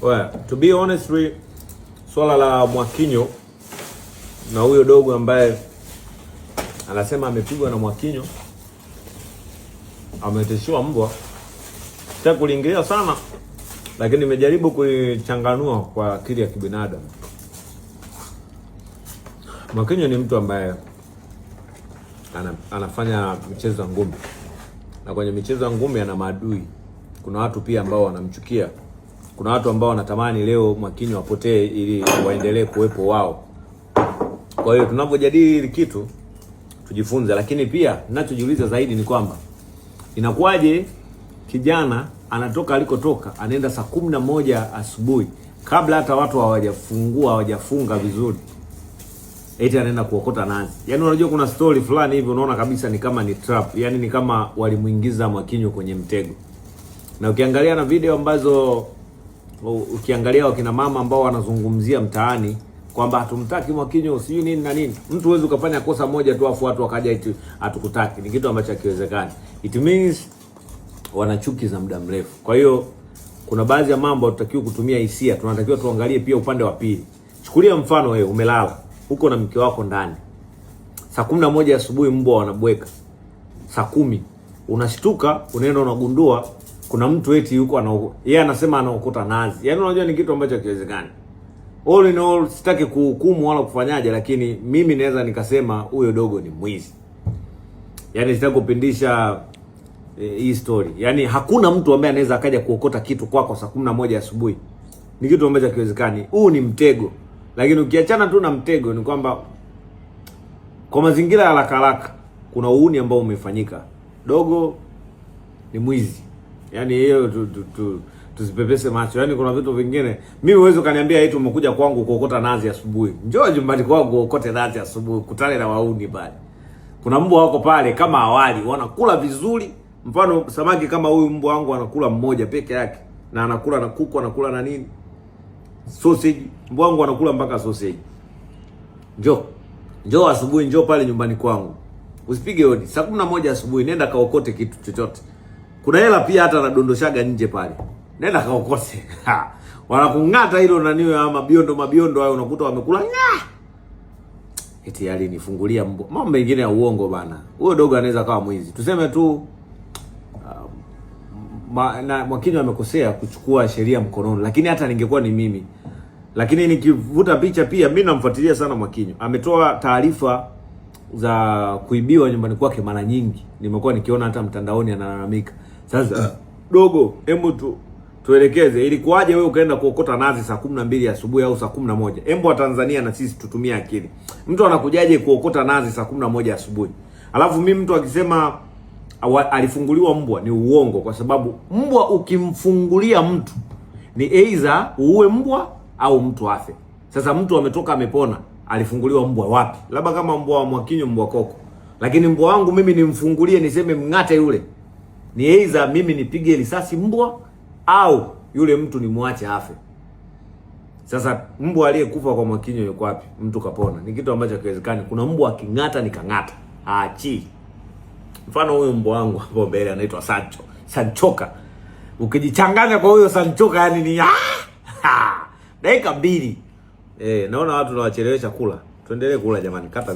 Well, to be honest, swala la Mwakinyo na huyo dogo ambaye anasema amepigwa na Mwakinyo ametishiwa mbwa, sitaki kuliingilia sana, lakini nimejaribu kuichanganua kwa akili ya kibinadamu. Mwakinyo ni mtu ambaye ana, anafanya michezo ya ngumi na kwenye michezo ya ngumi ana maadui. Kuna watu pia ambao wanamchukia kuna watu ambao wanatamani leo Mwakinyo wapotee ili waendelee kuwepo wao. Kwa hiyo tunapojadili hili kitu tujifunze, lakini pia ninachojiuliza zaidi ni kwamba inakuwaje kijana anatoka alikotoka anaenda saa kumi na moja asubuhi kabla hata watu hawajafungua hawajafunga vizuri, eti anaenda kuokota nazi. Yaani unajua kuna story fulani hivi, unaona kabisa ni kama ni trap, yaani ni kama walimuingiza Mwakinyo kwenye mtego, na ukiangalia na video ambazo ukiangalia wakina mama ambao wanazungumzia mtaani kwamba hatumtaki Mwakinyo sijui nini na nini, mtu huwezi ukafanya kosa moja tu afu watu wakaja eti hatukutaki. Ni kitu ambacho hakiwezekani. It means wana chuki za muda mrefu. Kwa hiyo kuna baadhi ya mambo hatutakiwi kutumia hisia, tunatakiwa tuangalie pia upande wa pili. Chukulia mfano wewe umelala huko na mke wako ndani, saa kumi na moja asubuhi mbwa wanabweka, saa kumi unashtuka unaenda unagundua kuna mtu eti yuko ana yeye anasema anaokota nazi. Yaani unajua ni kitu ambacho kiwezekani. All in all sitaki kuhukumu wala kufanyaje, lakini mimi naweza nikasema huyo dogo ni mwizi. Yaani sitaki kupindisha eh, hii story. Yaani hakuna mtu ambaye anaweza akaja kuokota kitu kwako saa 11 asubuhi. Ni kitu ambacho kiwezekani. Huu ni mtego. Lakini ukiachana tu na mtego ni kwamba kwa mazingira ya haraka haraka kuna uuni ambao umefanyika. Dogo ni mwizi yani hiyo tu, tu, tu, tusipepese macho. Yani kuna vitu vingine mi huwezi ukaniambia eti umekuja kwangu kuokota nazi asubuhi. Njoo jumbani kwangu uokote nazi asubuhi, kutane na wauni pale. Kuna mbwa wako pale kama awali, wanakula vizuri. Mfano samaki kama huyu mbwa wangu anakula mmoja peke yake na anakula na kuku, anakula na nini? Sausage. Mbwa wangu anakula mpaka sausage. Njoo. Njoo asubuhi, njoo pale nyumbani kwangu. Usipige hodi. Saa 11 asubuhi nenda kaokote kitu chochote. Kuna hela pia hata anadondoshaga nje pale, nenda kaokose wanakung'ata hilo naniwe ama biondo mabiondo hayo, unakuta wamekula eti yali nifungulia mbo. Mambo mengine ya uongo bana, huyo dogo anaweza kawa mwizi. Tuseme tu um, Ma, na Mwakini amekosea kuchukua sheria mkononi, lakini hata ningekuwa ni mimi, lakini nikivuta picha pia. Mimi namfuatilia sana Mwakinyo, ametoa taarifa za kuibiwa nyumbani kwake mara nyingi, nimekuwa nikiona hata mtandaoni analalamika. Sasa ah. dogo, hebu tu, tuelekeze ilikuwaje wewe ukaenda kuokota nazi saa kumi na mbili asubuhi au saa kumi na moja Hebu wa Tanzania na sisi tutumie akili, mtu anakujaje kuokota nazi saa kumi na moja asubuhi? Alafu mi mtu akisema alifunguliwa mbwa ni uongo, kwa sababu mbwa ukimfungulia mtu ni aidha uue mbwa au mtu afe. Sasa mtu ametoka amepona, alifunguliwa mbwa wapi? Labda kama mbwa wa Mwakinyo, mbwa koko, lakini mbwa wangu mimi nimfungulie niseme mng'ate yule ni aidha mimi nipige risasi mbwa au yule mtu nimwache afe. Sasa mbwa aliyekufa kwa mwakinyo yuko wapi? Mtu kapona, ni kitu ambacho hakiwezekani. Kuna mbwa aking'ata nikang'ata, aachi. Mfano huyu mbwa wangu hapo mbele anaitwa Sancho, Sanchoka. Ukijichanganya kwa huyo Sanchoka, yani ni ah! dakika mbili. e, naona watu nawachelewesha kula. Tuendelee kula jamani, kata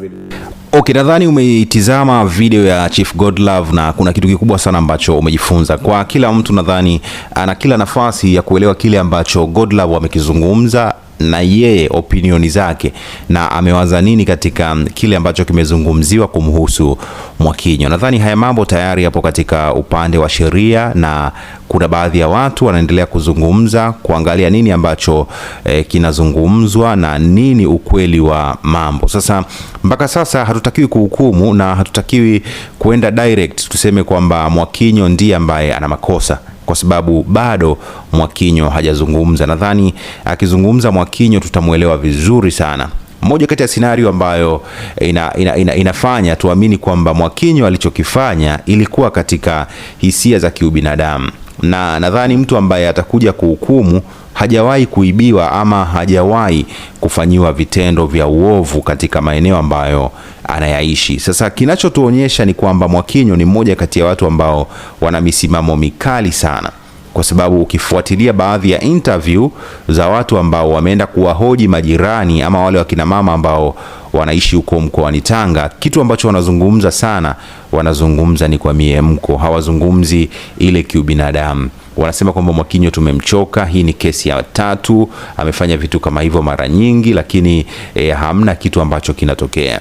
Okay, nadhani umeitizama video ya Chief Godlove na kuna kitu kikubwa sana ambacho umejifunza. Kwa kila mtu nadhani ana kila nafasi ya kuelewa kile ambacho Godlove amekizungumza na yeye opinioni zake na amewaza nini katika kile ambacho kimezungumziwa kumhusu Mwakinyo. Nadhani haya mambo tayari yapo katika upande wa sheria na kuna baadhi ya watu wanaendelea kuzungumza kuangalia nini ambacho eh, kinazungumzwa na nini ukweli wa mambo. Sasa mpaka sasa hatutakiwi kuhukumu na hatutakiwi kuenda direct tuseme kwamba Mwakinyo ndiye ambaye ana makosa kwa sababu bado Mwakinyo hajazungumza. Nadhani akizungumza Mwakinyo tutamwelewa vizuri sana. Moja kati ya sinario ambayo eh, ina, ina, ina, inafanya tuamini kwamba Mwakinyo alichokifanya ilikuwa katika hisia za kiubinadamu, na nadhani mtu ambaye atakuja kuhukumu hajawahi kuibiwa ama hajawahi kufanyiwa vitendo vya uovu katika maeneo ambayo anayaishi. Sasa kinachotuonyesha ni kwamba Mwakinyo ni mmoja kati ya watu ambao wana misimamo mikali sana kwa sababu ukifuatilia baadhi ya interview za watu ambao wameenda kuwahoji majirani ama wale wakina mama ambao wanaishi huko mkoani Tanga, kitu ambacho wanazungumza sana, wanazungumza ni kwa miemko, hawazungumzi ile kiubinadamu wanasema kwamba Mwakinyo tumemchoka. Hii ni kesi ya tatu, amefanya vitu kama hivyo mara nyingi, lakini eh, hamna kitu ambacho kinatokea.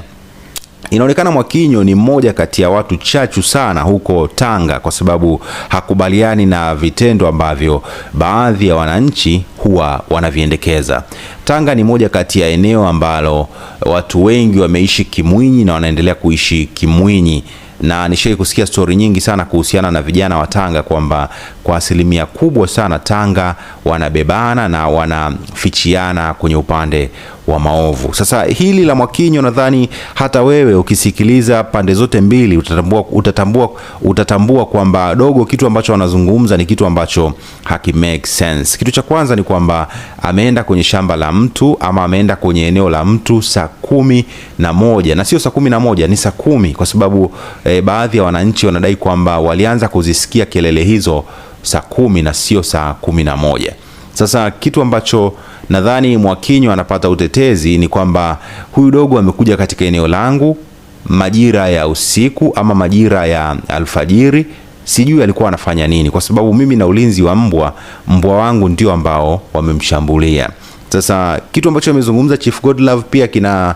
Inaonekana Mwakinyo ni mmoja kati ya watu chachu sana huko Tanga kwa sababu hakubaliani na vitendo ambavyo baadhi ya wananchi huwa wanaviendekeza. Tanga ni moja kati ya eneo ambalo watu wengi wameishi kimwinyi na wanaendelea kuishi kimwinyi na nishai kusikia stori nyingi sana kuhusiana na vijana wa Tanga kwamba kwa asilimia kubwa sana Tanga wanabebana na wanafichiana kwenye upande wa maovu. Sasa hili la Mwakinyo, nadhani hata wewe ukisikiliza pande zote mbili utatambua, utatambua, utatambua kwamba dogo kitu ambacho anazungumza ni kitu ambacho haki make sense. Kitu cha kwanza ni kwamba ameenda kwenye shamba la mtu ama ameenda kwenye eneo la mtu saa kumi na moja na sio saa kumi na moja ni saa kumi kwa sababu e, baadhi ya wananchi wanadai kwamba walianza kuzisikia kelele hizo saa kumi na sio saa kumi na moja. Sasa kitu ambacho nadhani Mwakinyo anapata utetezi ni kwamba huyu dogo amekuja katika eneo langu majira ya usiku ama majira ya alfajiri, sijui alikuwa anafanya nini, kwa sababu mimi na ulinzi wa mbwa, mbwa wangu ndio ambao wamemshambulia. Sasa kitu ambacho amezungumza Chief Godlove pia kina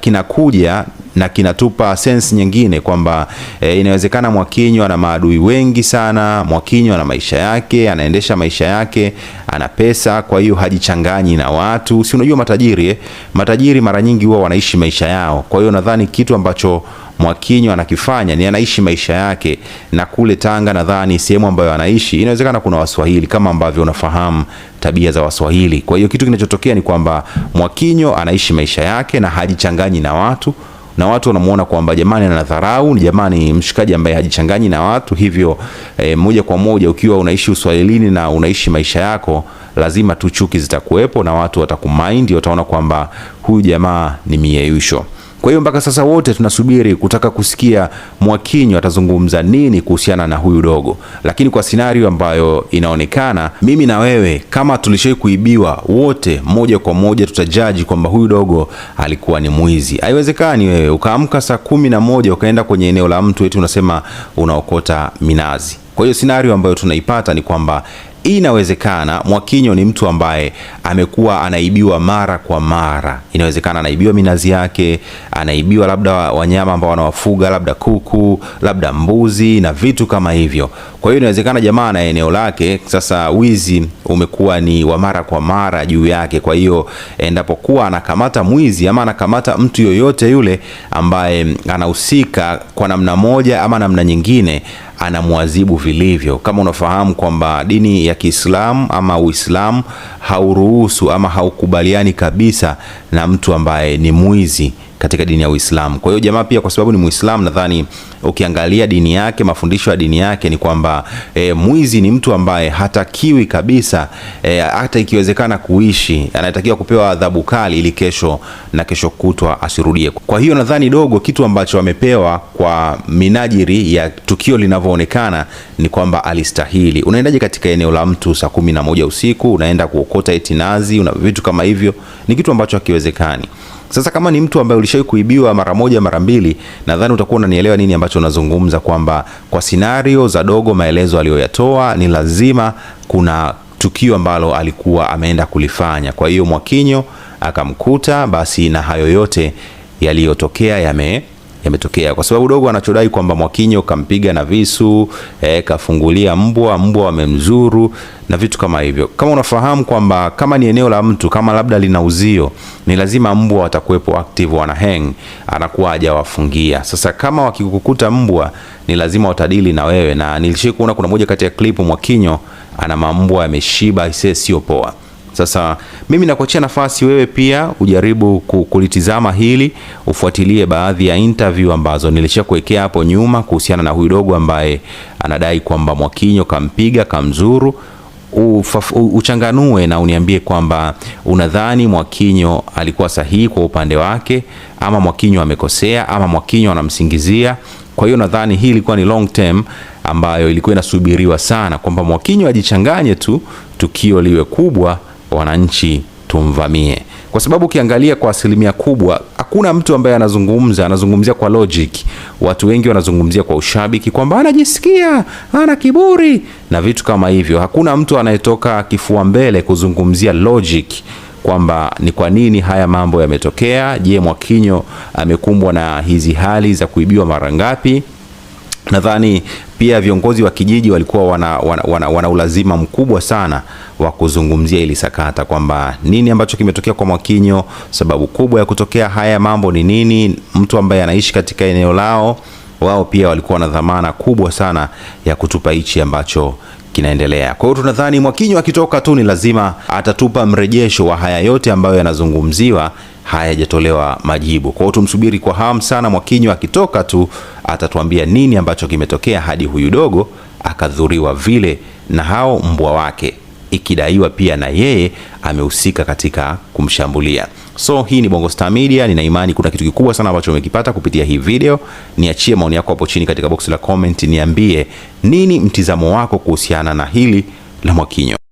kinakuja kina na kinatupa sense nyingine kwamba e, inawezekana Mwakinyo ana maadui wengi sana. Mwakinyo ana maisha yake, anaendesha maisha yake, ana pesa, kwa hiyo hajichanganyi na watu. Si unajua matajiri eh? Matajiri mara nyingi huwa wanaishi maisha yao, kwa hiyo nadhani kitu ambacho Mwakinyo anakifanya ni anaishi maisha yake, na kule Tanga nadhani sehemu ambayo anaishi inawezekana kuna Waswahili kama ambavyo unafahamu tabia za Waswahili. Kwa hiyo kitu kinachotokea ni kwamba Mwakinyo anaishi maisha yake na hajichanganyi na watu na watu wanamuona kwamba jamani, anadharau ni jamani, mshikaji ambaye hajichanganyi na watu hivyo. E, moja kwa moja ukiwa unaishi uswahilini na unaishi maisha yako, lazima tu chuki zitakuwepo na watu watakumind, wataona kwamba huyu jamaa ni mieyusho. Kwa hiyo mpaka sasa wote tunasubiri kutaka kusikia Mwakinyo atazungumza nini kuhusiana na huyu dogo, lakini kwa sinario ambayo inaonekana, mimi na wewe kama tulishai kuibiwa wote, moja kwa moja tutajaji kwamba huyu dogo alikuwa ni mwizi. Haiwezekani wewe ukaamka saa kumi na moja ukaenda kwenye eneo la mtu eti unasema unaokota minazi. Kwa hiyo sinario ambayo tunaipata ni kwamba Inawezekana Mwakinyo ni mtu ambaye amekuwa anaibiwa mara kwa mara. Inawezekana anaibiwa minazi yake, anaibiwa labda wanyama ambao wanawafuga, labda kuku, labda mbuzi na vitu kama hivyo. Kwa hiyo inawezekana jamaa na eneo lake, sasa wizi umekuwa ni wa mara kwa mara juu yake. Kwa hiyo endapokuwa anakamata mwizi ama anakamata mtu yoyote yule ambaye anahusika kwa namna moja ama namna nyingine anamwadhibu vilivyo. Kama unafahamu kwamba dini ya Kiislamu ama Uislamu hauruhusu ama haukubaliani kabisa na mtu ambaye ni mwizi katika dini ya Uislamu. Kwa hiyo jamaa pia, kwa sababu ni Muislamu, nadhani ukiangalia dini yake, mafundisho ya dini yake ni kwamba e, mwizi ni mtu ambaye hatakiwi kabisa e, hata ikiwezekana kuishi, anatakiwa kupewa adhabu kali ili kesho na kesho kutwa asirudie. Kwa hiyo nadhani dogo, kitu ambacho amepewa kwa minajiri ya tukio linavyoonekana ni kwamba alistahili. Unaendaje katika eneo la mtu saa kumi na moja usiku unaenda kuokota eti nazi una vitu kama hivyo? Ni kitu ambacho hakiwezekani. Sasa kama ni mtu ambaye ulishawahi kuibiwa mara moja mara mbili, nadhani utakuwa unanielewa nini ambacho tunazungumza kwamba kwa sinario za Dogo, maelezo aliyoyatoa ni lazima kuna tukio ambalo alikuwa ameenda kulifanya. Kwa hiyo Mwakinyo akamkuta, basi na hayo yote yaliyotokea yame yametokea, kwa sababu dogo anachodai kwamba Mwakinyo kampiga na visu e, kafungulia mbwa, mbwa wamemzuru na vitu kama hivyo. Kama unafahamu kwamba kama ni eneo la mtu, kama labda lina uzio, ni lazima mbwa watakuwepo active, wana hang, anakuwa hajawafungia. Sasa kama wakikukuta mbwa, ni lazima watadili na wewe, na nilishikuona kuna moja kati ya klipu Mwakinyo ana mambwa yameshiba, isee, sio poa. Sasa mimi nakuachia nafasi wewe pia ujaribu kulitizama hili, ufuatilie baadhi ya interview ambazo kuwekea hapo nyuma kuhusiana na huyu dogo ambaye anadai kwamba Mwakinyo kampiga kamzuru. Ufaf, uchanganue na uniambie kwamba unadhani Mwakinyo alikuwa sahihi kwa upande wake ama Mwakinyo amekosea ama Mwakinyo anamsingizia. Kwa hiyo nadhani hii ilikuwa ni long term ambayo ilikuwa inasubiriwa sana kwamba Mwakinyo ajichanganye tu tukio liwe kubwa wananchi tumvamie, kwa sababu ukiangalia kwa asilimia kubwa hakuna mtu ambaye anazungumza anazungumzia kwa logic. Watu wengi wanazungumzia kwa ushabiki kwamba anajisikia ana kiburi na vitu kama hivyo. Hakuna mtu anayetoka kifua mbele kuzungumzia logic kwamba ni kwa nini haya mambo yametokea. Je, Mwakinyo amekumbwa na hizi hali za kuibiwa mara ngapi? nadhani pia viongozi wa kijiji walikuwa wana, wana, wana, wana ulazima mkubwa sana wa kuzungumzia ili sakata kwamba nini ambacho kimetokea kwa Mwakinyo, sababu kubwa ya kutokea haya mambo ni nini, mtu ambaye anaishi katika eneo lao. Wao pia walikuwa na dhamana kubwa sana ya kutupa hichi ambacho kinaendelea. Kwa hiyo tunadhani Mwakinyo akitoka tu ni lazima atatupa mrejesho wa haya yote ambayo yanazungumziwa hayajatolewa majibu. Kwa hiyo tumsubiri kwa hamu sana. Mwakinyo akitoka tu atatuambia nini ambacho kimetokea hadi huyu dogo akadhuriwa vile na hao mbwa wake, ikidaiwa pia na yeye amehusika katika kumshambulia. So hii ni Bongo Star Media, nina imani kuna kitu kikubwa sana ambacho umekipata kupitia hii video. Niachie maoni yako hapo chini katika box la comment, niambie nini mtizamo wako kuhusiana na hili la Mwakinyo.